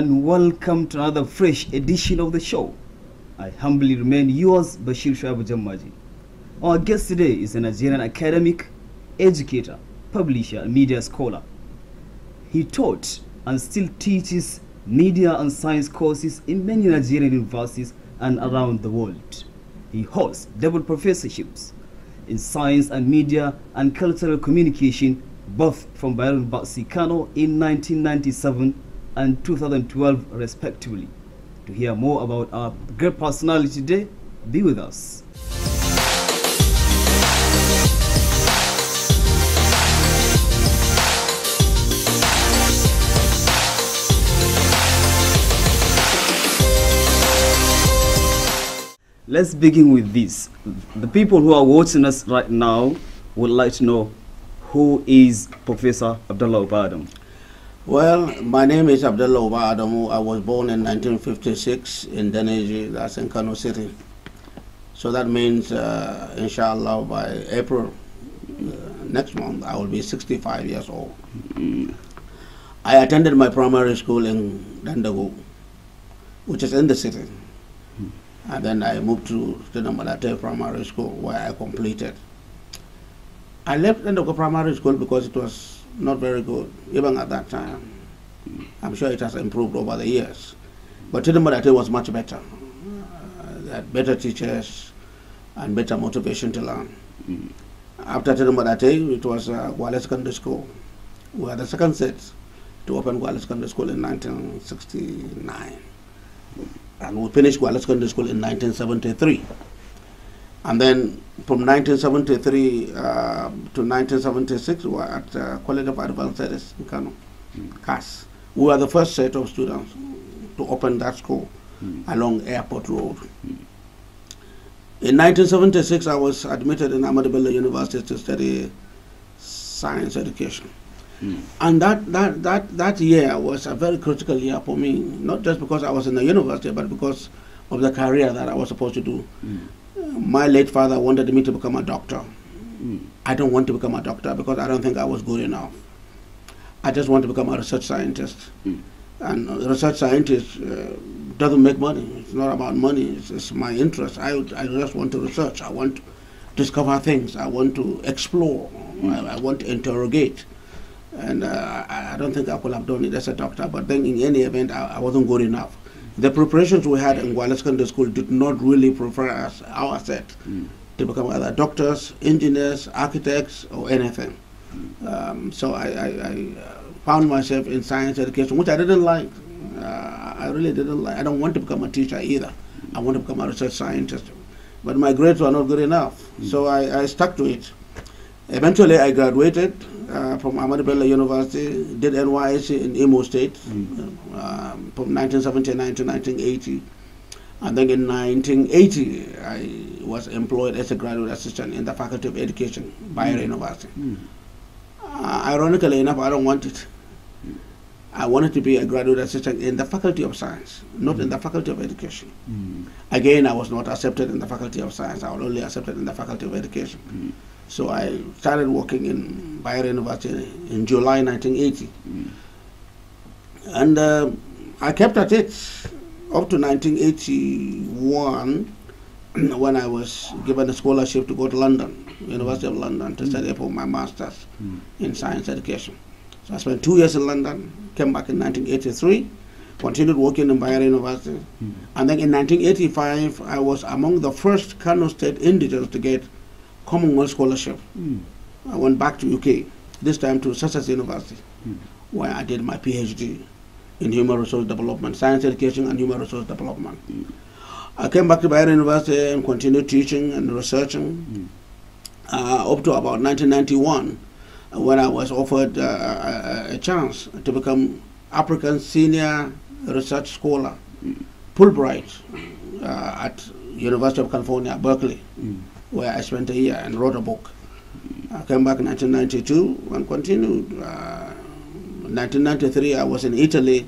and welcome to another fresh edition of the show. I humbly remain yours, Bashir Shabu Jammaji. Our guest today is a Nigerian academic, educator, publisher, and media scholar. He taught and still teaches media and science courses in many Nigerian universities and around the world. He holds double professorships in science and media and cultural communication both from Byron Batsi Kano in 1997 and 2012 respectively. To hear more about our great personality today, be with us. Let's begin with this. The people who are watching us right now would like to know who is Professor Abdullah Obadam. Well, my name is Abdullah Oba Adamu. I was born in 1956 in Deneji, that's in Kano City. So that means, uh, inshallah, by April uh, next month, I will be 65 years old. Mm. I attended my primary school in Dandago, which is in the city. Mm. And then I moved to Tinamalate Primary School, where I completed. I left Dandago Primary School because it was not very good, even at that time. I'm sure it has improved over the years. But Tidamarate was much better. Uh, they had better teachers and better motivation to learn. Mm. After Tidamarate, it was uh, Gwale Secondary School. We were the second set to open Gwale Secondary School in 1969. And we finished Gwale Secondary School in 1973. And then from 1973 uh, to 1976, we were at uh, College of Advanced Studies in Kano, mm. CAS. We were the first set of students to open that school mm. along Airport Road. Mm. In 1976, I was admitted in Ahmad Bello University to study science education. Mm. And that, that, that, that year was a very critical year for me, not just because I was in the university, but because of the career that I was supposed to do. Mm my late father wanted me to become a doctor. I don't want to become a doctor because I don't think I was good enough. I just want to become a research scientist. Mm. And a research scientist uh, doesn't make money. It's not about money. It's, my interest. I, I just want to research. I want to discover things. I want to explore. Mm. I, I, want to interrogate. And uh, I, I, don't think I could have done it as a doctor. But then, in any event, I, I wasn't good enough the preparations we had in Gwale Secondary School did not really prepare us, our set, mm. to become either doctors, engineers, architects, or anything. Mm. Um, so I, I, I, uh, found myself in science education, which I didn't like. Uh, I really didn't like. I don't want to become a teacher either. Mm. I want to become a research scientist. But my grades were not good enough, hmm. so I, I stuck to it. Eventually, I graduated uh, from Amadou University, did NYC in Imo State mm. from 1979 to 1980. And then in 1980, I was employed as a graduate assistant in the Faculty of Education, hmm. Bayer mm. University. Mm. Uh, ironically enough, I don't want it. I wanted to be a graduate assistant in the Faculty of Science, not mm. in the hmm. Faculty of Education. Mm. Again, I was not accepted in the Faculty of Science. I was only accepted in the Faculty of Education. Mm. So I started working in Bayer University in July 1980. And uh, I kept at it up to 1981 when I was given a scholarship to go to London, University of London, to hmm. study for my master's mm. in science education. So I spent two years in London, came back in 1983, continued working in Bayer University. Mm. And then in 1985, I was among the first Kano State indigenous to get Commonwealth Scholarship. Mm. I went back to UK, this time to Sussex University, mm. where I did my PhD in human resource development, science education and human resource development. Mm. I came back to Bayer University and continued teaching and researching hmm. uh, up to about 1991 when I was offered uh, a chance to become African Senior Research Scholar, hmm. Fulbright uh, at University of California, Berkeley. Mm where I spent a year and wrote a book. I came back in 1992 and continued. Uh, 1993, I was in Italy,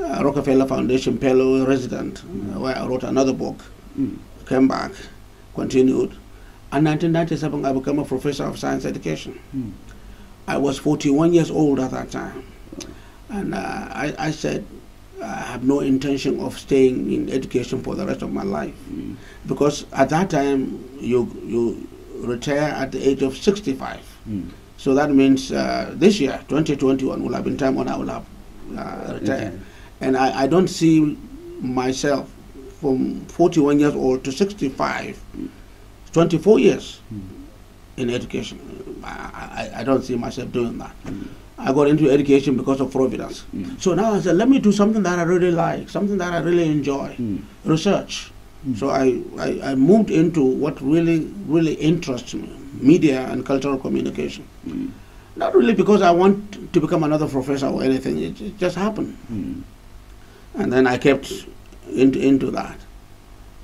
uh, Rockefeller Foundation Fellow resident, uh, where I wrote another book. Mm. Came back, continued. And 1997, I became a professor of science education. Mm. I was 41 years old at that time. And uh, I, I said, I have no intention of staying in education for the rest of my life. Mm. Because at that time, you, you retire at the age of 65. Mm. So that means uh, this year, 2021, will have been time when I will have uh, retired. Okay. And I, I don't see myself from 41 years old to 65, 24 years mm. in education. I, I, I, don't see myself doing that. Hmm. I got into education because of Providence. Mm. So now I said, let me do something that I really like, something that I really enjoy, mm. research. Mm. So I, I, I, moved into what really, really interests me, media and cultural communication. Hmm. Not really because I want to become another professor or anything, it, it just happened. Hmm. And then I kept into, into that.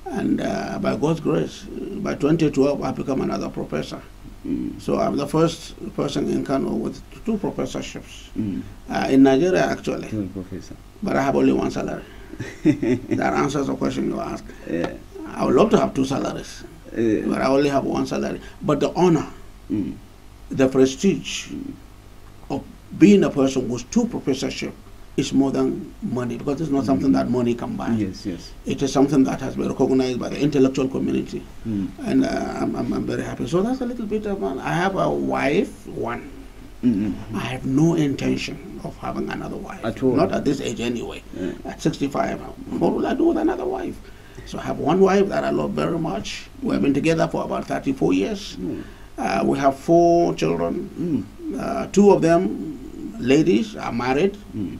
And uh, by God's grace, by 2012, I became another professor. Mm. So I'm the first person in Kano with two professorships. Mm. Uh, in Nigeria, actually. Two professor. But I have only one salary. that answers the question you ask. Yeah. I would love to have two salaries, yeah. but I only have one salary. But the honor, mm. the prestige mm. of being a person with two professorships is more than money because it's not something that money can buy. Yes, yes. It is something that has been recognized by the intellectual community, mm. and uh, I'm, I'm, I'm, very happy. So that's a little bit of. I have a wife, one. Mm -hmm. I have no intention of having another wife. At all. Not at this age anyway. Yeah. At 65, what will I do with another wife? So I have one wife that I love very much. We have been together for about 34 years. Mm. Uh, we have four children. Hmm. Uh, two of them, ladies, are married. Hmm.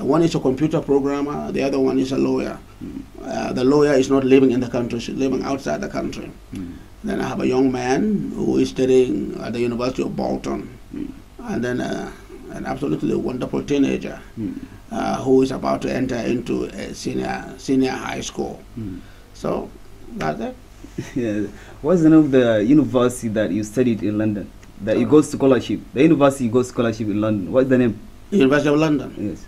One is a computer programmer, the other one is a lawyer. Mm. Uh, the lawyer is not living in the country, she's living outside the country. Mm. Then I have a young man who is studying at the University of Bolton. Mm. And then uh, an absolutely wonderful teenager hmm. uh, who is about to enter into a senior, senior high school. Hmm. So that's it. yeah. What's the name of the university that you studied in London? That you oh. got scholarship. The university you got scholarship in London. What's the name? University of London. Yes.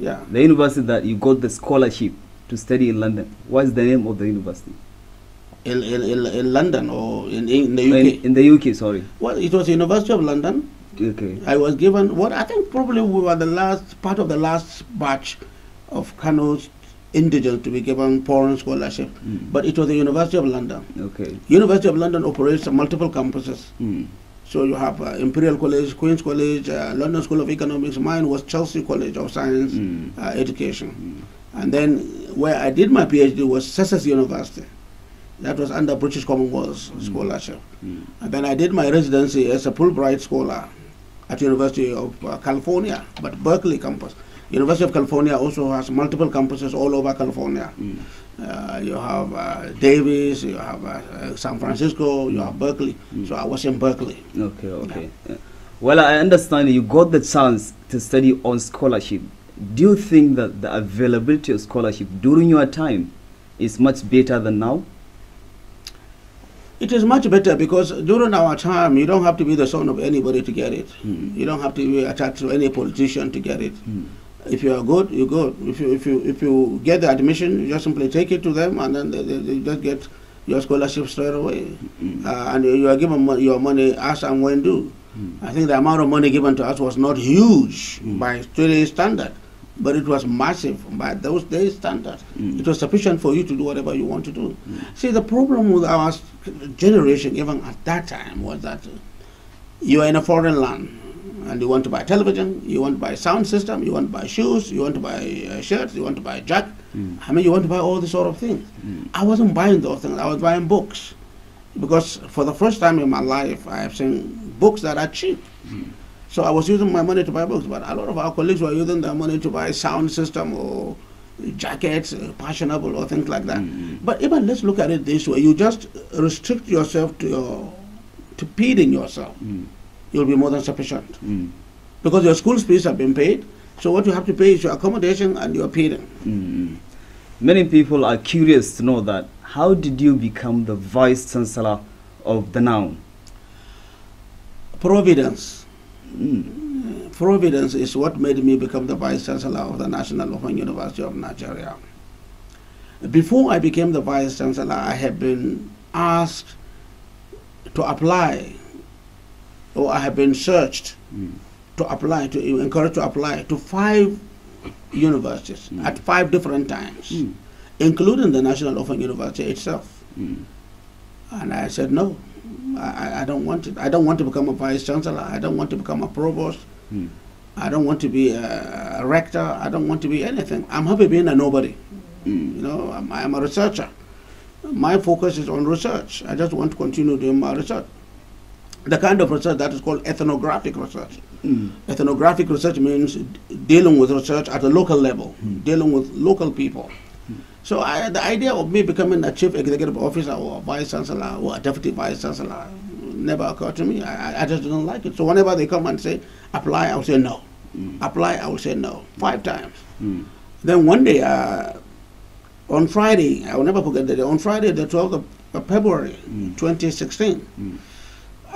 Yeah. The university that you got the scholarship to study in London. What is the name of the university? In, in, in London or in, in the UK? In, in, the UK, sorry. Well, it was University of London. Okay. I was given what I think probably we were the last part of the last batch of Kano's indigents to be given foreign scholarship, mm. but it was the University of London. Okay. University of London operates multiple campuses. Mm. So you have uh, Imperial College, Queen's College, uh, London School of Economics. Mine was Chelsea College of Science mm. uh, Education. Mm. And then where I did my PhD was Sussex University. That was under British Commonwealth mm. scholarship. Hmm. And then I did my residency as a Fulbright scholar at University of uh, California, but Berkeley campus. University of California also has multiple campuses all over California. Mm. Uh, you have uh, Davis, you have uh, uh San Francisco, you have Berkeley. Mm. So I was in Berkeley. Okay, okay. Yeah. Well, I understand you got the chance to study on scholarship. Do you think that the availability of scholarship during your time is much better than now? It is much better because during our time, you don't have to be the son of anybody to get it. Mm. You don't have to be attached to any politician to get it. Mm. If you are good, you go. If you if you if you get the admission, you just simply take it to them, and then they, they, they just get your scholarship straight away, mm. uh, and you are given mo your money as and when due. Mm. I think the amount of money given to us was not huge mm. by today's standard, but it was massive by those days standard. Mm. It was sufficient for you to do whatever you want to do. Mm. See, the problem with our generation, even at that time, was that you are in a foreign land and you want to buy television, you want to buy sound system, you want to buy shoes, you want to buy uh, shirts, you want to buy a jacket. Mm. I mean, you want to buy all these sort of things. Mm. I wasn't buying those things. I was buying books because for the first time in my life, I have seen books that are cheap. Mm. So I was using my money to buy books, but a lot of our colleagues were using their money to buy sound system or jackets, uh, fashionable or things like that. Mm. But even let's look at it this way: you just restrict yourself to your to feeding yourself. Mm you'll be more than sufficient. Mm. Because your school fees have been paid, so what you have to pay is your accommodation and your feeding. Mm. Many people are curious to know that. How did you become the vice chancellor of the noun? Providence. Mm. Providence is what made me become the vice chancellor of the National Open University of Nigeria. Before I became the vice chancellor, I had been asked to apply or I have been searched mm. to apply to encouraged to apply to five universities mm. at five different times, mm. including the National Open University itself. Hmm. And I said no, I, I don't want it. I don't want to become a vice chancellor. I don't want to become a provost. Hmm. I don't want to be a, rector. I don't want to be anything. I'm happy being a nobody. Hmm. You know, I'm, I'm a researcher. My focus is on research. I just want to continue doing my research the kind of research that is called ethnographic research. Mm. Ethnographic research means dealing with research at a local level, mm. dealing with local people. Hmm. So I, the idea of me becoming a chief executive officer or vice chancellor or deputy vice chancellor never occurred to me. I, I just didn't like it. So whenever they come and say, apply, I'll say no. Hmm. Apply, I'll say no. Five times. Hmm. Then one day, uh, on Friday, I will never forget the day, on Friday the 12th of February, 2016,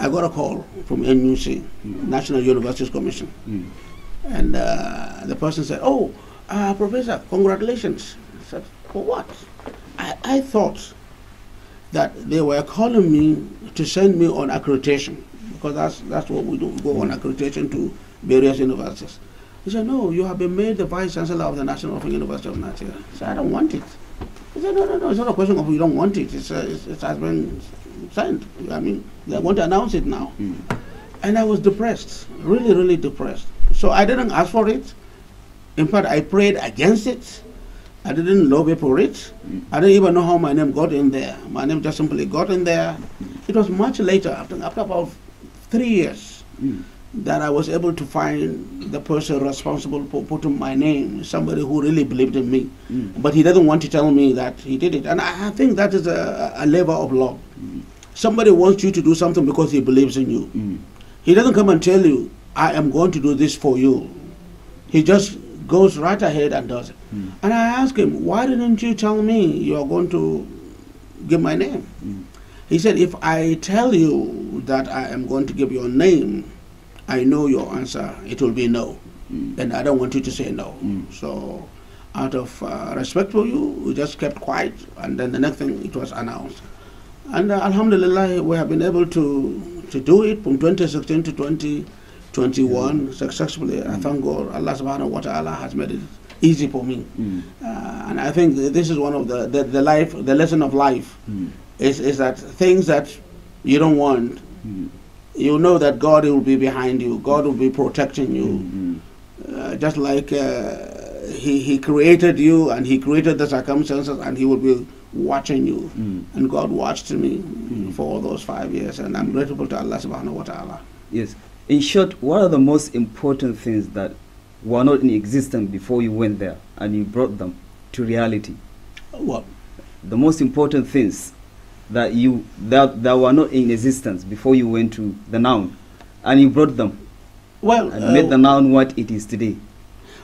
I got a call from NUC, mm. National Universities Commission, mm. and uh, the person said, "Oh, uh, Professor, congratulations." I said, "For what?" I, I, thought that they were calling me to send me on accreditation because that's that's what we do. We go on hmm. accreditation to various universities. He said, "No, you have been made the vice chancellor of the National Open University of Nigeria." I said, "I don't want it." He said, "No, no, no. It's not a question of you don't want it. It's, uh, it's it has been signed. I mean, they want to announce it now. Mm. And I was depressed, really, really depressed. So I didn't ask for it. In fact, I prayed against it. I didn't lobby for it. Mm. I didn't even know how my name got in there. My name just simply got in there. Hmm. It was much later, after, after about three years, mm. that I was able to find the person responsible for putting my name, somebody who really believed in me. Mm. But he doesn't want to tell me that he did it. And I, I think that is a, a of love. Somebody wants you to do something because he believes in you. Mm. He doesn't come and tell you, I am going to do this for you. He just goes right ahead and does it. Mm. And I asked him, Why didn't you tell me you are going to give my name? Mm. He said, If I tell you that I am going to give your name, I know your answer. It will be no. Mm. And I don't want you to say no. Hmm. So, out of uh, respect for you, we just kept quiet. And then the next thing, it was announced. And uh, alhamdulillah, we have been able to, to do it from 2016 to 2021 mm. successfully. Mm. I thank God, Allah subhanahu wa ta'ala has made it easy for me. Mm. Uh, and I think this is one of the, the, the life, the lesson of life mm. is, is that things that you don't want, mm. you know that God will be behind you, God will be protecting you. Mm, uh, just like uh, he, he created you and he created the circumstances and he will be watching you. Mm. And God watched me mm. for all those five years, and I'm grateful to Allah subhanahu wa ta'ala. Yes. In short, what are the most important things that were not in existence before you went there and you brought them to reality? What? The most important things that you that, that were not in existence before you went to the noun and you brought them well and uh, made the noun what it is today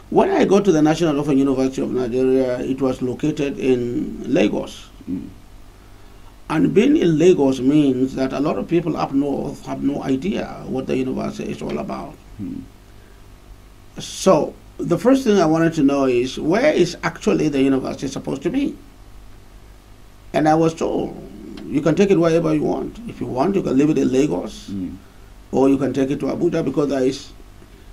when I got to the National Open University of Nigeria, it was located in Lagos. Mm. And being in Lagos means that a lot of people up north have no idea what the university is all about. Mm. So, the first thing I wanted to know is where is actually the university supposed to be? And I was told, you can take it wherever you want. If you want, you can leave it in Lagos, mm. or you can take it to Abuja because there is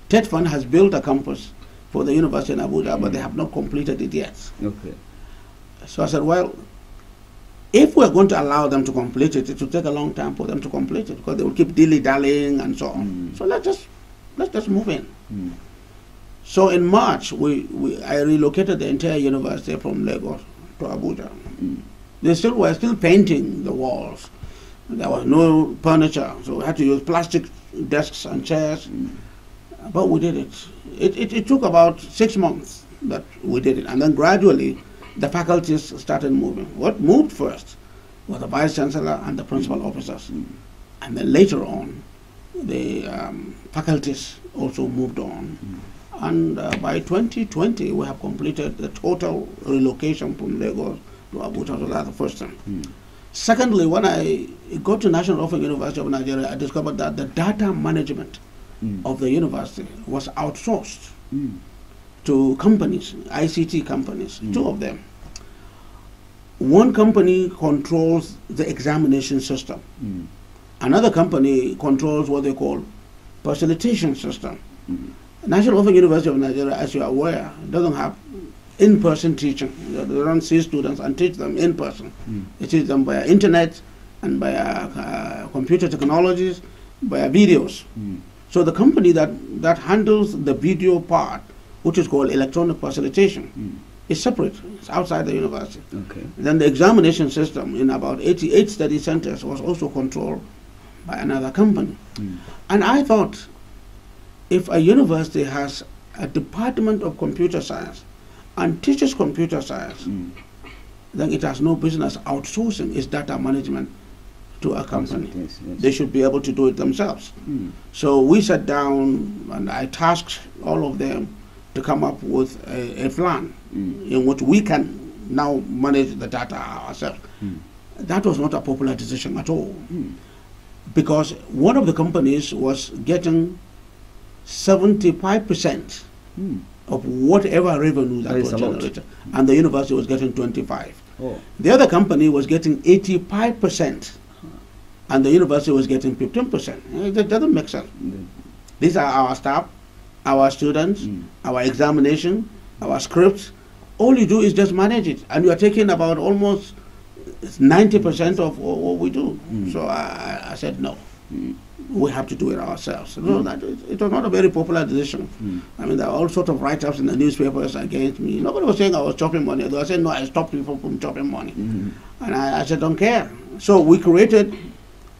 TED Fund has built a campus for the university in Abuja, mm. but they have not completed it yet. Okay. So I said, well, if we're going to allow them to complete it, it will take a long time for them to complete it because they will keep dilly dallying and so on. Mm. So let's just let's just move in. Mm. So in March, we, we I relocated the entire university from Lagos to Abuja. Mm. They still were still painting the walls. There was no furniture, so we had to use plastic desks and chairs, mm. but we did it it, it, it, took about six months but we did it. And then gradually the faculties started moving. What moved first was the vice chancellor and the principal officers. Mm And then later on, the um, faculties also moved on. Mm And uh, by 2020, we have completed the total relocation from Lagos to Abuja. to the first time. Secondly, when I got to National Offering University of Nigeria, I discovered that the data management mm. of the university was outsourced mm. to companies, ICT companies, mm. two of them. One company controls the examination system. Mm. Another company controls what they call facilitation system. Mm. National Open University of Nigeria, as you are aware, doesn't have in-person teaching. They don't see students and teach them in person. Mm. They teach them via internet and via uh, computer technologies, via videos. Mm. So the company that, that handles the video part, which is called electronic facilitation, mm. is separate. It's outside the university. Okay. then the examination system in about 88 study centers was also controlled by another company. Mm. And I thought, if a university has a department of computer science and teaches computer science, mm. then it has no business outsourcing its data management to a company. Yes, yes. They should be able to do it themselves. Mm. So we sat down and I tasked all of them to come up with a, a plan mm. in which we can now manage the data ourselves. Mm. That was not a popular decision at all hmm. because one of the companies was getting 75% hmm. of whatever revenue that, that was generated and the university was getting 25. Oh. The other company was getting 85 percent and the university was getting 15%. It eh, doesn't make sense. Mm. These are our staff, our students, mm. our examination, our scripts. All you do is just manage it, and you are taking about almost 90% of what we do. Mm. So I, I, said, no, hmm. we have to do it ourselves. No, hmm. that, it, it was not a very popular decision. Hmm. I mean, there are all sorts of write ups in the newspapers against me. Nobody was saying I was chopping money. They were saying, no, I stopped people from chopping money. And I, I said, don't care. So we created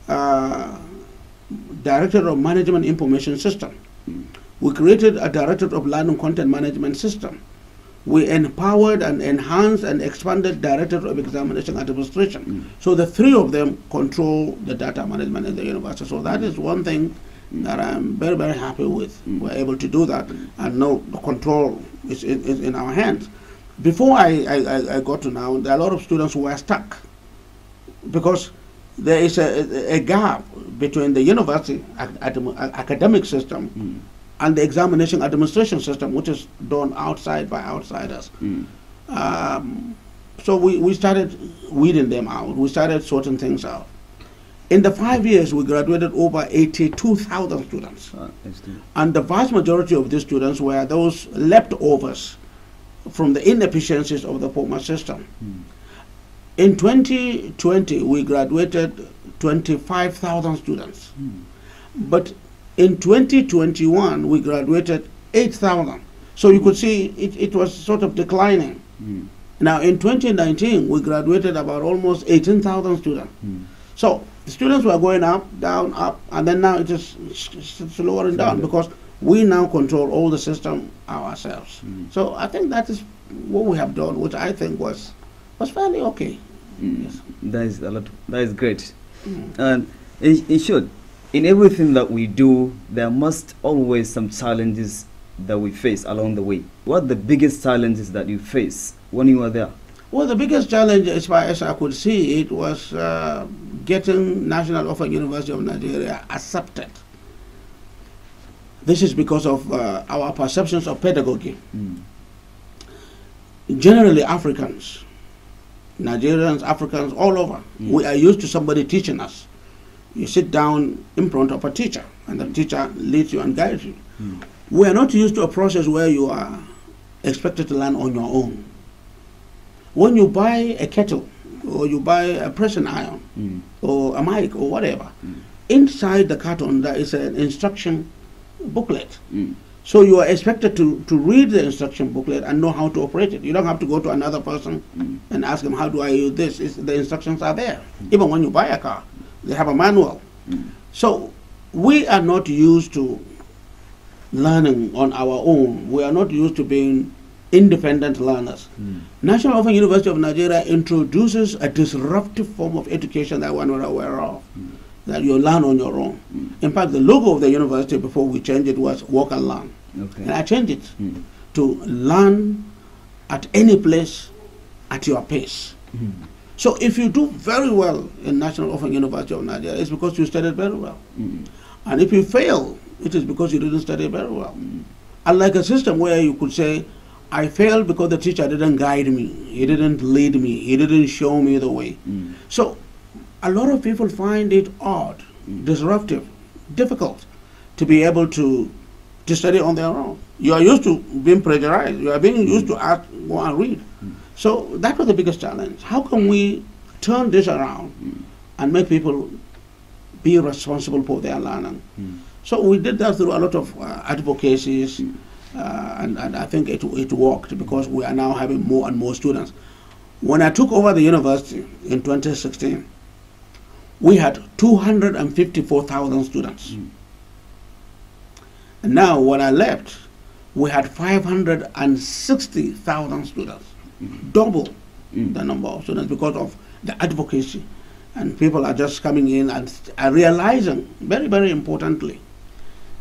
uh, Director of Management Information System. We created a Director of Learning Content Management System. We empowered and enhanced and expanded Director of Examination Administration. Mm. So the three of them control the data management in the university. So that is one thing that I'm very, very happy with. Mm. We're able to do that, and now the control is in, is in our hands. Before I, I, I got to now, there are a lot of students who were stuck because there is a, a gap between the university academic system mm. and the examination administration system, which is done outside by outsiders. Mm. Um, so we, we started weeding them out. We started sorting things out. In the five years, we graduated over 82,000 students. Ah, and the vast majority of these students were those leftovers from the inefficiencies of the former system. Mm. In 2020, we graduated 25,000 students. Mm. But in 2021, we graduated 8,000. So you could see it, it was sort of declining. Mm. Now, in 2019, we graduated about almost 18,000 students. Hmm. So the students were going up, down, up, and then now it is slowing down because we now control all the system ourselves. Hmm. So I think that is what we have done, which I think was was fairly okay. Mm. Yes. That is a lot. That is great. Mm. And in, in short, in everything that we do, there must always some challenges that we face along the way. What the biggest challenges that you face when you were there? Well, the biggest challenge, as far as I could see it, was uh, getting National Open University of Nigeria accepted. This is because of uh, our perceptions of pedagogy. Mm. Generally, Africans Nigerians, Africans, all over. Mm. We are used to somebody teaching us. You sit down in front of a teacher, and the teacher leads you and guides you. Mm. We are not used to a process where you are expected to learn on your own. When you buy a kettle, or you buy a pressing iron, mm. or a mic, or whatever, mm. inside the carton there is an instruction booklet. Mm. So you are expected to, to read the instruction booklet and know how to operate it. You don't have to go to another person mm. and ask them, how do I use this? It's, the instructions are there. Mm. Even when you buy a car, they have a manual. Mm. So we are not used to learning on our own. We are not used to being independent learners. Mm. National Open University of Nigeria introduces a disruptive form of education that we're not aware of. Mm that you learn on your own. Mm. In fact, the logo of the university before we changed it was Walk and Learn. Okay. And I changed it mm. to Learn at any place at your pace. Mm. So if you do very well in National Open University of Nigeria, it's because you studied very well. Hmm. And if you fail, it is because you didn't study very well. Hmm. Unlike a system where you could say, I failed because the teacher didn't guide me, he didn't lead me, he didn't show me the way. Hmm. So a lot of people find it odd, disruptive, difficult to be able to to study on their own. You are used to being plagiarized. You are being used to ask, go and read. So that was the biggest challenge. How can we turn this around and make people be responsible for their learning? So we did that through a lot of uh, advocacies, uh, and, and I think it, it worked because we are now having more and more students. When I took over the university in 2016, we had 254,000 students. Mm. And now, when I left, we had 560,000 students, mm. double mm. the number of students because of the advocacy. And people are just coming in and are realizing, very, very importantly,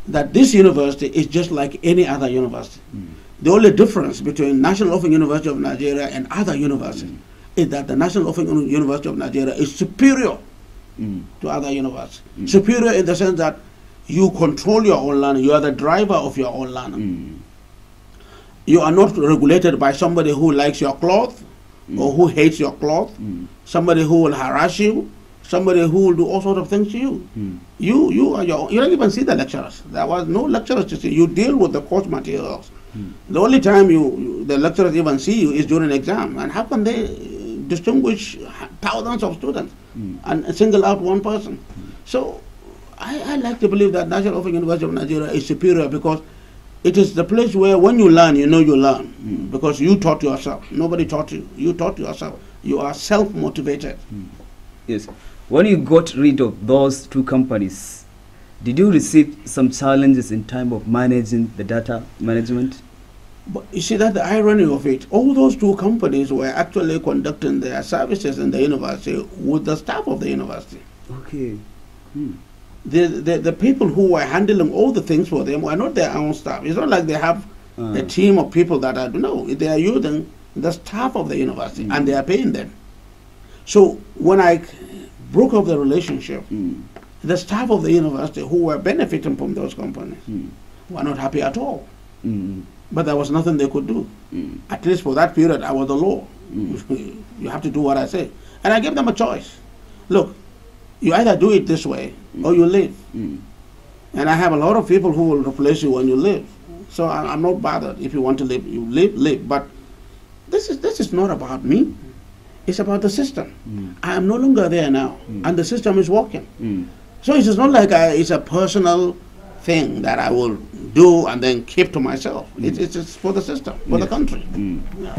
that this university is just like any other university. Hmm. The only difference between National Open University of Nigeria and other universities hmm. is that the National Open University of Nigeria is superior Mm. to other universe. Mm. Superior in the sense that you control your own learning. You are the driver of your own learning. Mm. You are not regulated by somebody who likes your cloth mm. or who hates your cloth. Somebody who will harass you. Somebody who will do all sorts of things to you. You you are your. You don't even see the lecturers. There was no lecturers to see. You deal with the course materials. The only time you, you, the lecturers even see you is during an exam, and how can they distinguish thousands of students? mm. and single out one person. Mm. So I, I, like to believe that National Open University of Nigeria is superior because it is the place where when you learn, you know you learn mm. because you taught yourself. Nobody taught you. You taught yourself. You are self-motivated. Hmm. Yes. When you got rid of those two companies, did you receive some challenges in time of managing the data management? But you see that the irony of it, all those two companies were actually conducting their services in the university with the staff of the university. Okay. Hmm. The, the, the people who were handling all the things for them were not their own staff. It's not like they have uh. a team of people that are, no, they are using the staff of the university and hmm. they are paying them. So when I broke off the relationship, hmm. the staff of the university who were benefiting from those companies hmm. were not happy at all. Mm. But there was nothing they could do. Mm. At least for that period, I was the law. Mm. You have to do what I say. And I gave them a choice. Look, you either do it this way or you leave. And I have a lot of people who will replace you when you leave. So I, am not bothered. If you want to leave, you leave, leave. But this is, this is not about me. It's about the system. I am no longer there now. And the system is working. So it is not like it's a personal thing that I will do and then keep to myself. Mm. It, it's, just for the system, for yeah. the country. Mm. Yeah.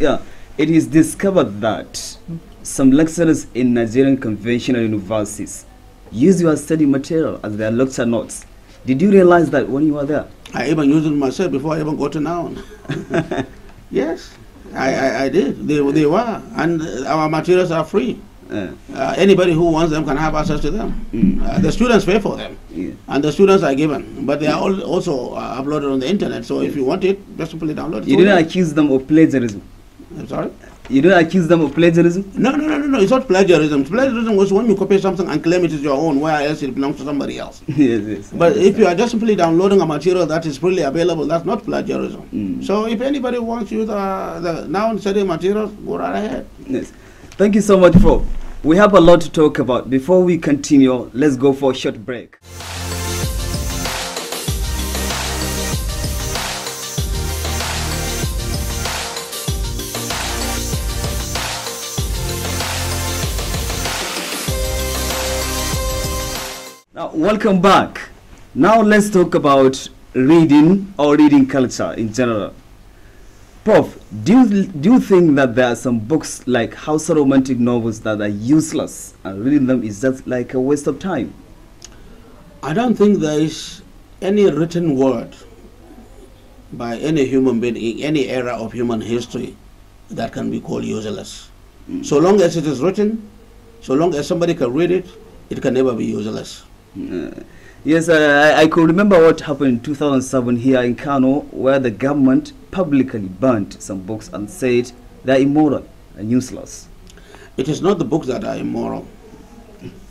yeah, it is discovered that some lecturers in Nigerian conventional universities use your study material as their lecture notes. Did you realize that when you were there? I even used it myself before I even got to now. yes, I, I, I, did. They, they were. And our materials are free. Uh, anybody who wants them can have access to them. Mm. Uh, the students pay for them, yeah. and the students are given, but they are all also uh, uploaded on the internet. So yeah. if you want it, just simply download it. You didn't accuse them of plagiarism. I'm sorry. You don't accuse them of plagiarism? No, no, no, no, no. It's not plagiarism. Plagiarism was when you copy something and claim it is your own, where else it belongs to somebody else. yes, yes. But if you are just simply downloading a material that is freely available, that's not plagiarism. Mm. So if anybody wants you uh, the, the now study materials, go right ahead. Yes. Thank you so much, Prof. We have a lot to talk about. Before we continue, let's go for a short break. Now, welcome back. Now let's talk about reading or reading culture in general. Prof, do you, do you think that there are some books like house romantic novels that are useless and reading them is just like a waste of time? I don't think there is any written word by any human being in any era of human history that can be called useless. Mm. So long as it is written, so long as somebody can read it, it can never be useless. Yes, I, I could remember what happened in 2007 here in Kano, where the government publicly burnt some books and said they're immoral and useless. It is not the books that are immoral.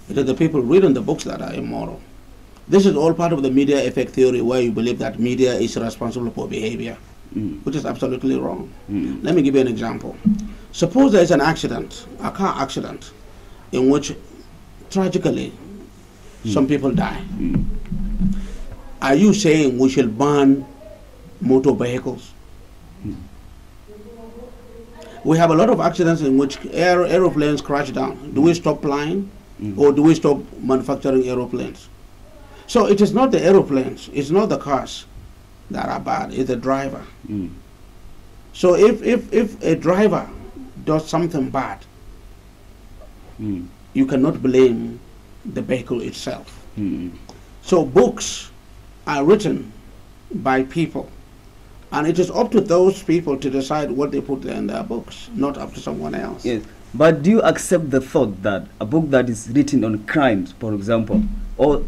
It is the people reading the books that are immoral. This is all part of the media effect theory where you believe that media is responsible for behavior, mm. which is absolutely wrong. Mm. Let me give you an example. Suppose there is an accident, a car accident, in which tragically some people die. Are you saying we should ban motor vehicles? We have a lot of accidents in which aer aeroplanes crash down. Do we stop flying? Or do we stop manufacturing aeroplanes? So it is not the aeroplanes, it's not the cars that are bad, it's the driver. Mm. So if, if, if a driver does something bad, mm. you cannot blame the vehicle itself. Mm. So books are written by people, and it is up to those people to decide what they put there in their books, not up to someone else. Yes, but do you accept the thought that a book that is written on crimes, for example, or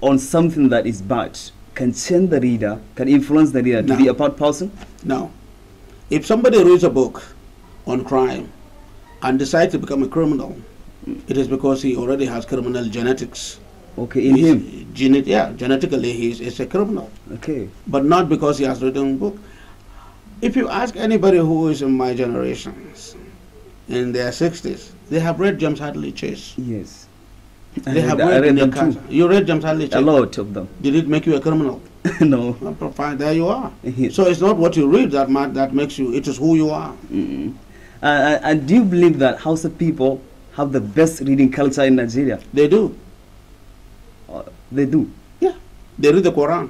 on something that is bad, can change the reader, can influence the reader no. to be a bad person? No. If somebody reads a book on crime and decides to become a criminal, it is because he already has criminal genetics. Okay, in he's him. Genet yeah, genetically he is a criminal. Okay. But not because he has written a book. If you ask anybody who is in my generation, in their 60s, they have read James Hadley Chase. Yes. I they have read, read them too. You read James Hadley Chase? A lot of them. Did it make you a criminal? no. Well, fine, there you are. Yes. So it's not what you read that that makes you, it is who you are. Mm -hmm. uh, and do you believe that of people have the best reading culture in Nigeria. They do. Uh, they do. Yeah, they read the Quran.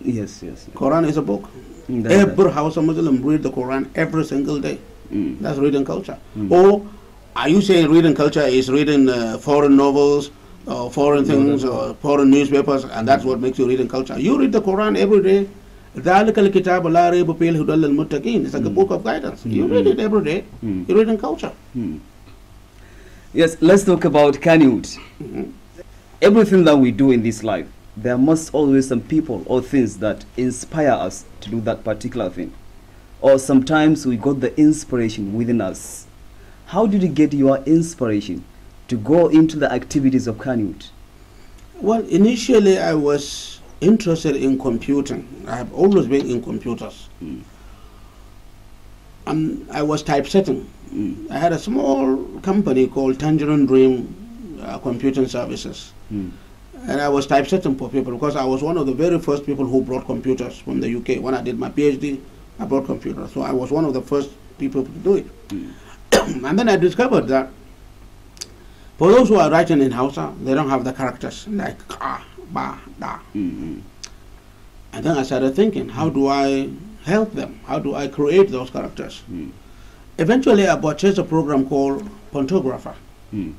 Yes, yes. yes. Quran is a book. Mm, every that. house of Muslim read the Quran every single day. Mm. That's reading culture. Mm. Or are you saying reading culture is reading uh, foreign novels uh, or foreign things or foreign newspapers and that's what makes you reading culture? You read the Quran every day. It's like a mm. book of guidance. You read mm. it every day. You read in culture. Yes, let's talk about Kannywood. Everything that we do in this life, there must always some people or things that inspire us to do that particular thing. Or sometimes we got the inspiration within us. How did you get your inspiration to go into the activities of Kannywood? Well, initially I was interested in computing. I have always been in computers. Mm. Um, I was typesetting Mm. I had a small company called Tangerine Dream uh, Computing Services. Mm. And I was typesetting for people because I was one of the very first people who brought computers from the UK. When I did my PhD, I brought computers. So I was one of the first people to do it. Mm. and then I discovered that for those who are writing in Hausa, they don't have the characters like ka, ba, da. -hmm. And then I started thinking, how do I help them? How do I create those characters? Hmm. Eventually, I purchased a program called Pontographer, mm.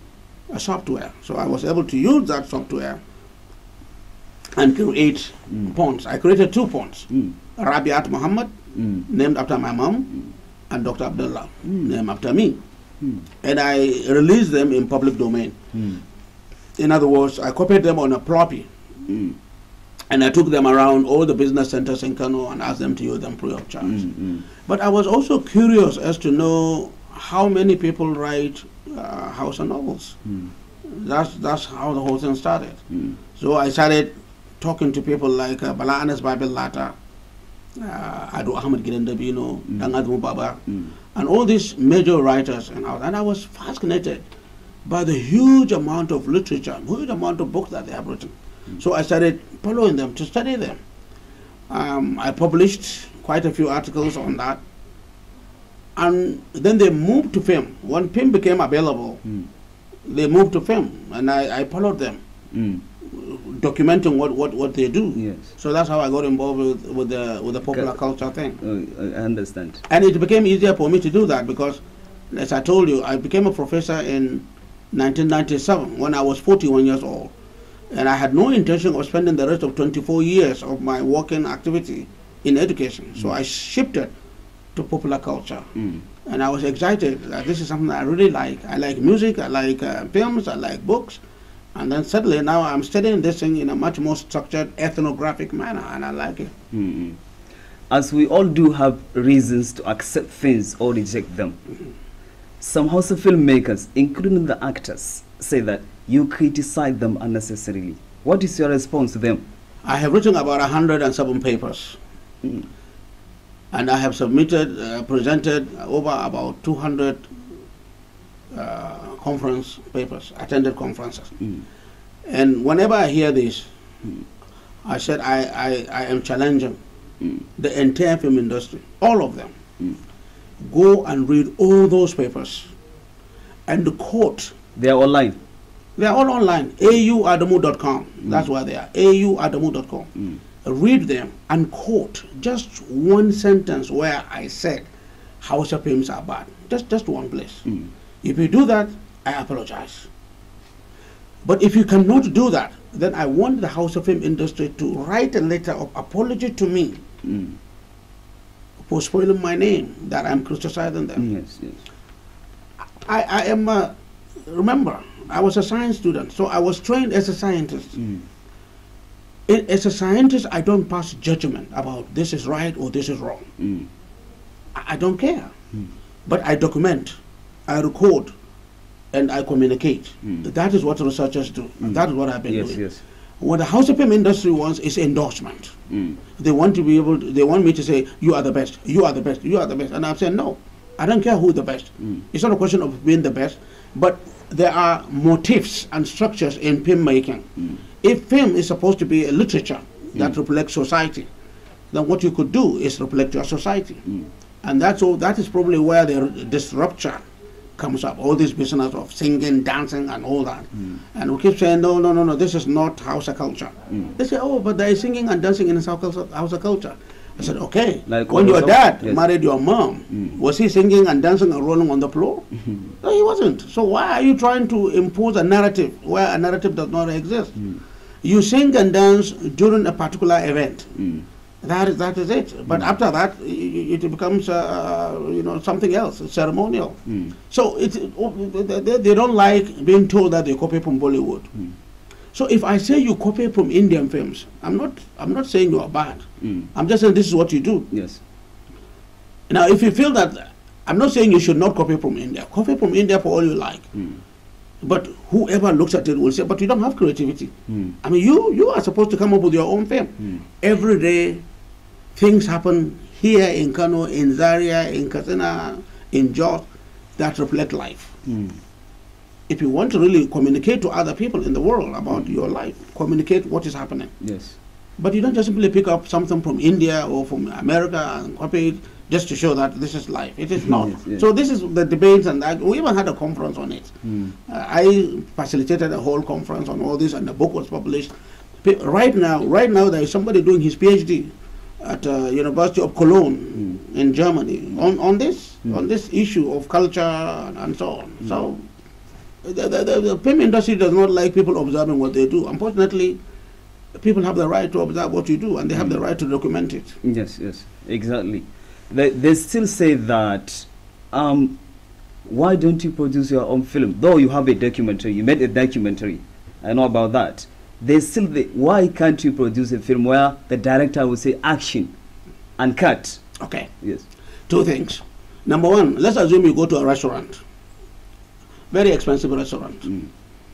a software. So I was able to use that software and create mm. ponds. I created two ponds, mm. Rabiat Muhammad, mm. named after my mom, hmm. and Dr. Abdullah, hmm. named after me. Hmm. And I released them in public domain. In other words, I copied them on a floppy and I took them around all the business centers in Kano and asked them to use them free of charge. Mm -hmm. But I was also curious as to know how many people write uh, and novels. Mm. That's, that's how the whole thing started. Mm. So I started talking to people like uh, Bala Anas Babil Lata, uh, Adu Ahmed Girendabino, mm. Dangadmu Baba, mm. and all these major writers. And I, was, and I was fascinated by the huge amount of literature, huge amount of books that they have written. So I started following them to study them. Um, I published quite a few articles on that. And then they moved to film. When film became available, mm. they moved to film, and I, I followed them, mm. documenting what, what, what they do. Yes. So that's how I got involved with, with the with the popular culture thing. Oh, I understand. And it became easier for me to do that because, as I told you, I became a professor in 1997 when I was 41 years old and I had no intention of spending the rest of 24 years of my working activity in education. Mm. So I shifted to popular culture. Mm. And I was excited that this is something I really like. I like music, I like uh, films, I like books. And then suddenly now I'm studying this thing in a much more structured ethnographic manner, and I like it. Mm. As we all do have reasons to accept things or reject them, mm-hmm. some Hausa filmmakers, including the actors, say that you criticize them unnecessarily. What is your response to them? I have written about 107 papers. Mm. And I have submitted, uh, presented over about 200 uh, conference papers, attended conferences. Mm. And whenever I hear this, mm. I said I, I, I am challenging hmm. the entire film industry, all of them. Hmm. Go and read all those papers and quote. They are online. They are all online. auadamu.com. Mm. That's where they are. auadamu.com. Mm. Read them and quote just one sentence where I said Hausa films are bad. Just just one place. Mm. If you do that, I apologize. But if you cannot do that, then I want the House of Fame industry to write a letter of apology to me mm. for spoiling my name, that I'm criticizing them. Yes, yes. I, I am, a, remember, I was a science student, so I was trained as a scientist. Mm. as a scientist, I don't pass judgment about this is right or this is wrong. Mm. I, I, don't care. Mm. But I document, I record, and I communicate. Mm. That is what researchers do. Mm. That is what I've been yes, doing. Yes. What the house of industry wants is endorsement. Mm. They want to be able. To, they want me to say, "You are the best. You are the best. You are the best." And I'm saying, "No, I don't care who the best. It's not a question of being the best, but there are motifs and structures in film making. Mm. If film is supposed to be a literature hmm. that reflects society, then what you could do is reflect your society. Hmm. And that's all, that is probably where the disruption comes up, all this business of singing, dancing, and all that. Mm. And we keep saying, no, no, no, no, this is not Hausa culture. Mm. They say, oh, but there is singing and dancing in Hausa culture. I said, okay. Like when your dad yes. married your mom, mm. was he singing and dancing and rolling on the floor? Mm-hmm. no, he wasn't. So why are you trying to impose a narrative where a narrative does not exist? Mm. You sing and dance during a particular event. Mm. That is that is it. But mm. after that, it, becomes uh, uh, you know something else, ceremonial. Mm. So oh, they, they don't like being told that they copy from Bollywood. Mm. So if I say you copy from Indian films, I'm not I'm not saying you are bad. Mm. I'm just saying this is what you do. Yes. Now if you feel that I'm not saying you should not copy from India. Copy from India for all you like. Mm. But whoever looks at it will say, but you don't have creativity. Mm. I mean you you are supposed to come up with your own film. Mm. Every day things happen here in Kano, in Zaria, in Katsina, in Jos that reflect life. Mm if you want to really communicate to other people in the world about your life, communicate what is happening. Yes. But you don't just simply pick up something from India or from America and copy it just to show that this is life. It is not. Yes, yes. So this is the debates, and we even had a conference on it. Mm. Uh, I facilitated a whole conference on all this, and the book was published. Right now, right now, there is somebody doing his PhD at uh, University of Cologne mm. in Germany on on this mm. on this issue of culture and, and so on. So the, the, the, the film industry does not like people observing what they do. Unfortunately, people have the right to observe what you do and they have the right to document it. Yes, yes, exactly. They, they still say that, um, why don't you produce your own film? Though you have a documentary, you made a documentary, I know about that. They still, say, why can't you produce a film where the director will say action and cut? Okay. Yes. Two things. Number one, let's assume you go to a restaurant very expensive restaurant mm.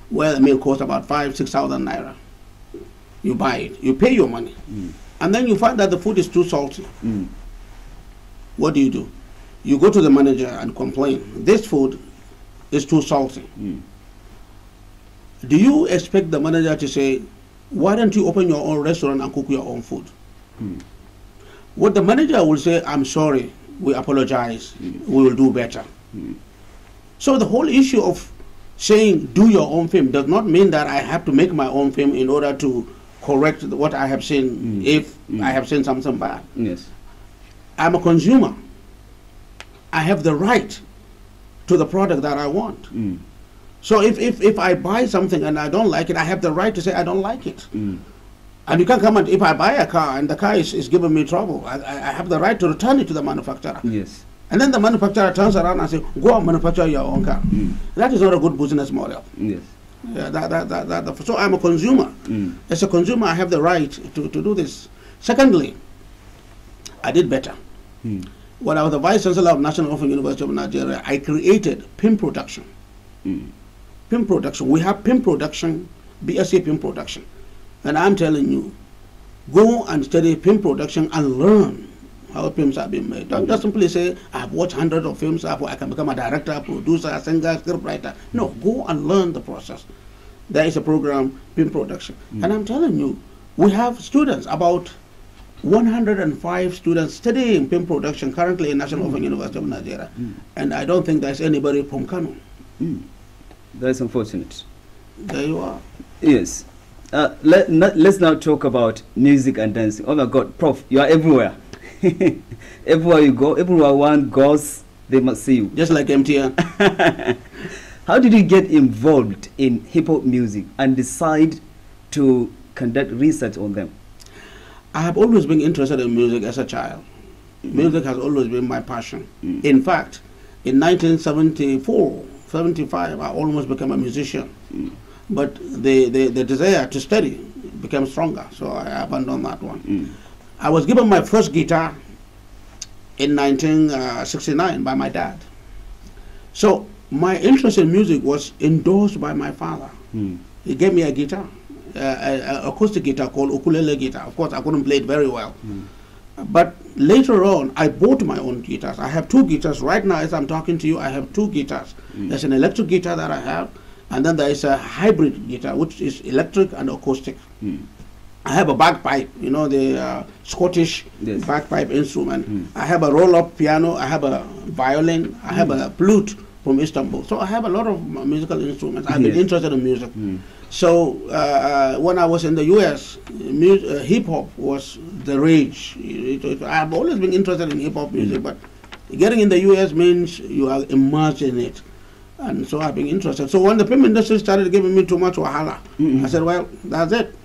where the meal costs about five, six thousand naira. You buy it, you pay your money, mm. and then you find that the food is too salty. Mm. What do you do? You go to the manager and complain. This food is too salty. Mm. Do you expect the manager to say, "Why don't you open your own restaurant and cook your own food?" Mm. What the manager will say, "I'm sorry, we apologize, mm. we will do better." So the whole issue of saying do your own film does not mean that I have to make my own film in order to correct what I have seen mm. if mm. I have seen something bad. Yes. I'm a consumer. I have the right to the product that I want. Mm. So if, if, if I buy something and I don't like it, I have the right to say I don't like it. Mm. And you can come and if I buy a car and the car is, is giving me trouble, I, I have the right to return it to the manufacturer. Yes. And then the manufacturer turns around and says, go and manufacture your own car. Mm. That is not a good business model. Yes. Yeah, that, that, that, that, so I'm a consumer. Mm. As a consumer, I have the right to, to do this. Secondly, I did better. Mm. When I was the Vice Chancellor of National Open University of Nigeria, I created PIM production. Mm. PIM production. We have PIM production, B.S.A. PIM production. And I'm telling you, go and study PIM production and learn how films have been made. Don't just simply say, I've watched hundreds of films, before I can become a director, producer, singer, scriptwriter. No, go and learn the process. There is a program, film production. Mm. And I'm telling you, we have students, about 105 students studying film production currently in National mm. Open University of Nigeria. Mm. And I don't think there's anybody from Kano. Mm. That's unfortunate. There you are. Yes. Uh, let, us now talk about music and dancing. Oh my God, Prof, you are everywhere. everywhere you go, everyone goes, they must see you. Just like MTR. How did you get involved in hip hop music and decide to conduct research on them? I have always been interested in music as a child. Mm. Music has always been my passion. Mm. In fact, in 1974, 75, I almost became a musician. Mm. But the, the, the desire to study became stronger, so I abandoned that one. Mm. I was given my first guitar in 1969 by my dad. So my interest in music was endorsed by my father. Hmm. He gave me a guitar, an acoustic guitar called ukulele guitar. Of course, I couldn't play it very well. Hmm. But later on, I bought my own guitars. I have two guitars. Right now, as I'm talking to you, I have two guitars. Mm. There's an electric guitar that I have, and then there is a hybrid guitar, which is electric and acoustic. Mm. I have a bagpipe, you know, the uh, Scottish yes. bagpipe instrument. Mm. I have a roll-up piano. I have a violin. I have mm. a hmm. flute from Istanbul. So I have a lot of musical instruments. I've yes. been interested in music. Mm. So uh, uh, when I was in the U.S., uh, hip hop was the rage. It, it, I've always been interested in hip hop music, hmm. but getting in the U.S. means you are immersed in it and so I've been interested. So when the film industry started giving me too much wahala, mm -hmm. I said, well, that's it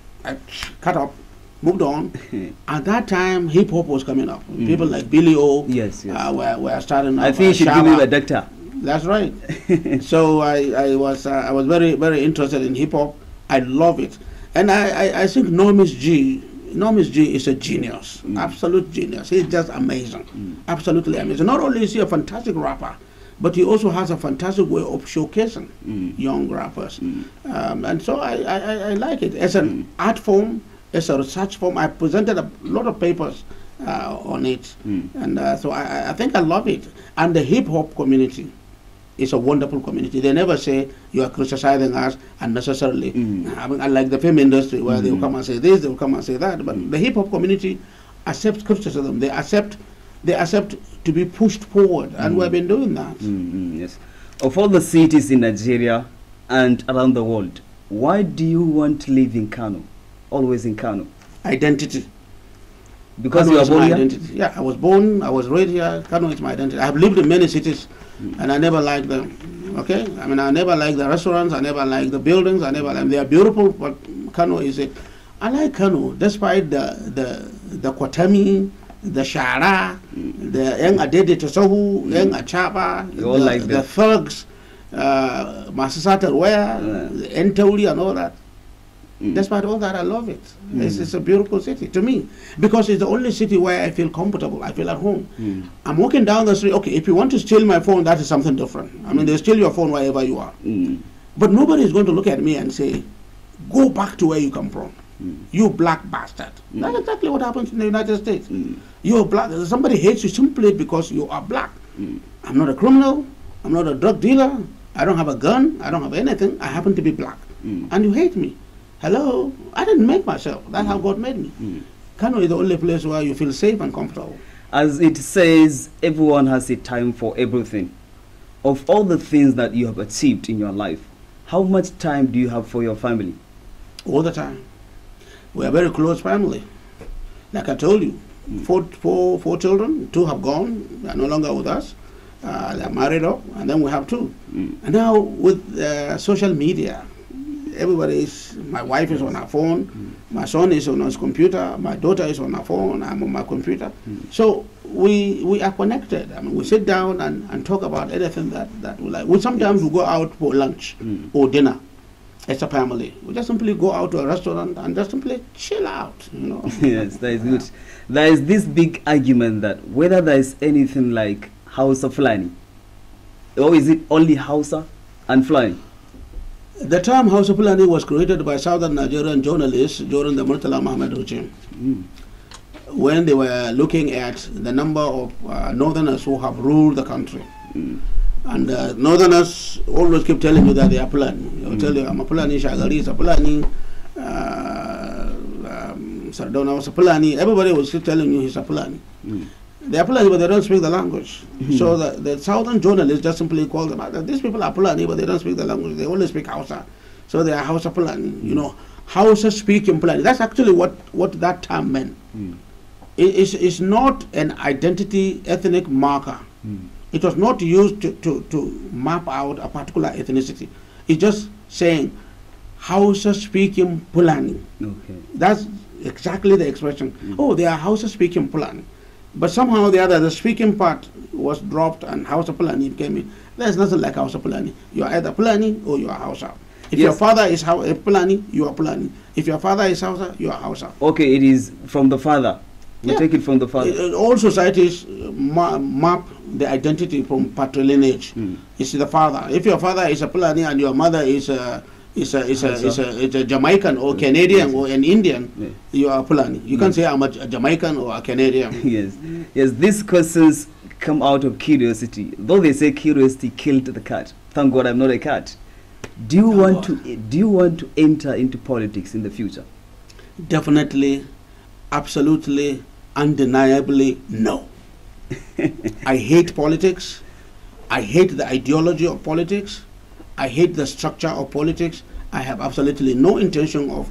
cut up, moved on. At that time, hip hop was coming up. Mm. People like Billy O. Yes, yes. Uh, were, were starting. I up, think uh, she became a doctor. That's right. so I, I was uh, I was very very interested in hip hop. I love it, and I, I, I think Normis G Normis G is a genius, mm. absolute genius. He's just amazing, mm. absolutely amazing. Not only is he a fantastic rapper, but he also has a fantastic way of showcasing mm. young rappers. Mm. Um, and so I, I, I, like it. As an mm. art form, as a research form, I presented a lot of papers uh, on it. Mm. And uh, so I, I think I love it. And the hip hop community is a wonderful community. They never say you are criticizing us unnecessarily. Mm. I mean, like the film industry, where they'll mm. come and say this, they'll come and say that. But the hip hop community accepts criticism, they accept they accept to be pushed forward, and mm. we've been doing that. Mm, mm, yes. Of all the cities in Nigeria and around the world, why do you want to live in Kano, always in Kano? Identity. Because Kano you are born Identity. Yeah, I was born, I was raised here. Kano is my identity. I've lived in many cities, mm. and I never liked them. Okay, I mean, I never liked the restaurants, I never liked the buildings, I never liked. They are beautiful, but Kano is it. I like Kano, despite the the the Kwatami, the shara da yan adaidaita sahu young acaba the hmm. thugs masu satar waya yan and all that Mm. Despite all that, I love it. Mm. It's, it's, a beautiful city to me because it's the only city where I feel comfortable. I feel at home. Mm. I'm walking down the street. Okay, if you want to steal my phone, that is something different. I mean, they steal your phone wherever you are. Hmm. But nobody is going to look at me and say, go back to where you come from. Mm. You black bastard. Mm. That's exactly what happens in the United States. Mm. You're black. Somebody hates you simply because you are black. I'm not a criminal. I'm not a drug dealer. I don't have a gun. I don't have anything. I happen to be black. And you hate me. Hello? I didn't make myself. That's how God made me. Kano is the only place where you feel safe and comfortable. As it says, everyone has a time for everything. Of all the things that you have achieved in your life, how much time do you have for your family? All the time. We are very close family. Like I told you, hmm. four, four, four children, two have gone, they are no longer with us. Uh, they are married up, and then we have two. Mm. And now with uh, social media, everybody is, my wife is on her phone, mm. my son is on his computer, my daughter is on her phone, I'm on my computer. Mm. So we we are connected. I mean, we sit down and, and talk about anything that, that we like. We sometimes yes. we go out for lunch hmm. or dinner as a family. We just simply go out to a restaurant and just simply chill out, you know. yes, that is yeah. good. There is this big argument that whether there is anything like House of Flying, or is it only Hausa and Flying? The term House of flying was created by southern Nigerian journalists during the Murtala Muhammad regime. Mm. When they were looking at the number of uh, northerners who have ruled the country. Mm. And uh, northerners always keep telling you that they are planning. They'll mm. tell you, I'm a planning, Shagari is a planning, uh, um, Sardona was a planning. Everybody was keep telling you he's a planning. Mm. They are Fulani, but they don't speak the language. Mm. So the, the southern journalists just simply call them out. These people are Fulani, but they don't speak the language. They only speak Hausa. So they are Hausa Fulani, you hmm. know. Hausa speaking Fulani. That's actually what, what that term meant. Hmm. It is it's not an identity ethnic marker. Mm. It was not used to, to, to map out a particular ethnicity. It's just saying Hausa speaking Pulani. Okay. That's exactly the expression. Mm. Oh, they are Hausa speaking Pulani. But somehow the other, the speaking part was dropped and Hausa Pulani came in. There's nothing like Hausa Pulani. You are either Pulani or you are Hausa. If yes. your father is ha- eh, Pulani, you are Pulani. If your father is Hausa, you are Hausa. Okay, it is from the father. You yeah. take it from the father. It, all societies uh, ma map the identity from patrilineage. Mm. It's the father. If your father is a Fulani and your mother is a is a is a, is a, is a Jamaican or hmm. Canadian yes. or an Indian, yes. you are Fulani. You yes. can't hmm. say I'm a, a Jamaican or a Canadian. yes, yes. These questions come out of curiosity. Though they say curiosity killed the cat. Thank God I'm not a cat. Do you oh. want to do you want to enter into politics in the future? Definitely, absolutely, undeniably, no. I hate politics. I hate the ideology of politics. I hate the structure of politics. I have absolutely no intention of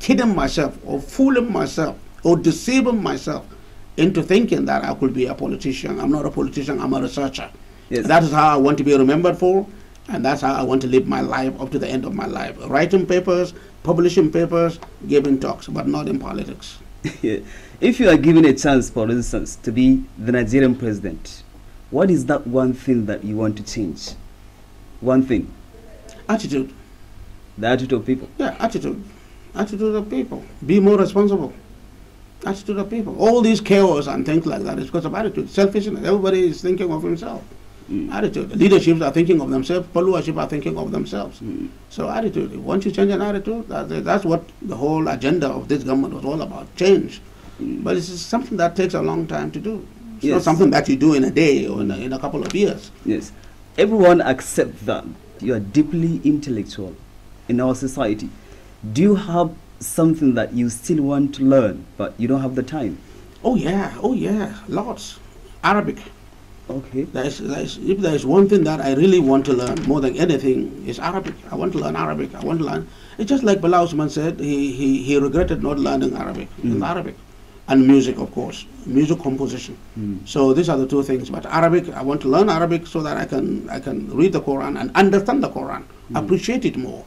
kidding myself or fooling myself or deceiving myself into thinking that I could be a politician. I'm not a politician, I'm a researcher. Yes. That is how I want to be remembered for, and that's how I want to live my life up to the end of my life. Writing papers, publishing papers, giving talks, but not in politics. If you are given a chance, for instance, to be the Nigerian president, what is that one thing that you want to change? One thing. Attitude. The attitude of people. Yeah, attitude. Attitude of people. Be more responsible. Attitude of people. All these chaos and things like that is because of attitude, selfishness. Everybody is thinking of himself. Mm. Attitude. Leaderships are thinking of themselves. Followership are thinking of themselves. Mm. So attitude. Once you change an attitude, that's what the whole agenda of this government was all about. Change. But it's something that takes a long time to do. It's yes. not something that you do in a day or in a, in a couple of years. Yes. Everyone accepts that you are deeply intellectual in our society. Do you have something that you still want to learn, but you don't have the time? Oh, yeah. Oh, yeah. Lots. Arabic. Okay. There's, there's, if there's one thing that I really want to learn more than anything is Arabic. I want to learn Arabic. I want to learn. It's just like Bilal Usman said, he, he, he regretted not learning Arabic. Mm. Arabic and music, of course, music composition. Mm. So these are the two things. But Arabic, I want to learn Arabic so that I can I can read the Quran and understand the Quran, mm. appreciate it more.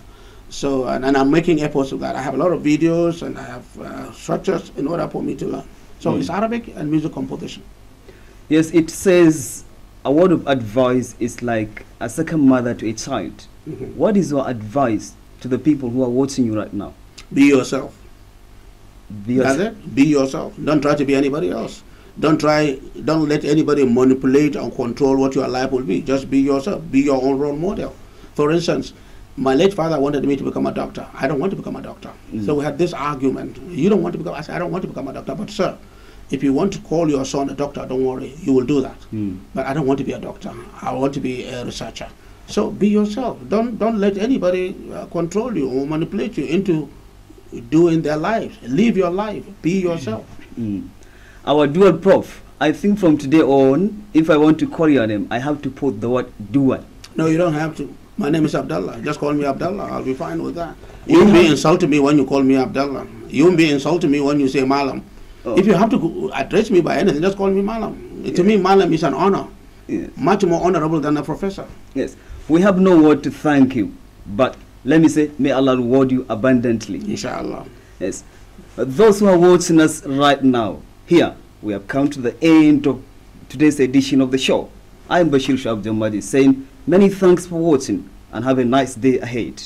So and, and, I'm making efforts of that. I have a lot of videos and I have uh, structures in order for me to learn. So mm. it's Arabic and music composition. Yes, it says a word of advice is like a second mother to a child. -hmm. What is your advice to the people who are watching you right now? Be yourself be yourself. Be yourself. Don't try to be anybody else. Don't try. Don't let anybody manipulate and control what your life will be. Just be yourself. Be your own role model. For instance, my late father wanted me to become a doctor. I don't want to become a doctor. Mm. So we had this argument. You don't want to become. I said I don't want to become a doctor. But sir, if you want to call your son a doctor, don't worry. You will do that. Mm. But I don't want to be a doctor. I want to be a researcher. So be yourself. Don't don't let anybody uh, control you or manipulate you into do in their lives. Live your life. Be yourself. Mm. Our dual prof, I think from today on, if I want to call your name, I have to put the word dual. No, you don't have to. My name is Abdullah. Just call me Abdullah. I'll be fine with that. Oh. You won't be insulting me when you call me Abdullah. You won't be insulting me when you say Malam. Oh. If you have to address me by anything, just call me Malam. Yeah. To me, Malam is an honor. Yes. Much more honorable than a professor. Yes. We have no word to thank you, but let me say, may Allah reward you abundantly. Inshallah. Yes. But those who are watching us right now, here, we have come to the end of today's edition of the show. I am Bashir Shah saying many thanks for watching and have a nice day ahead.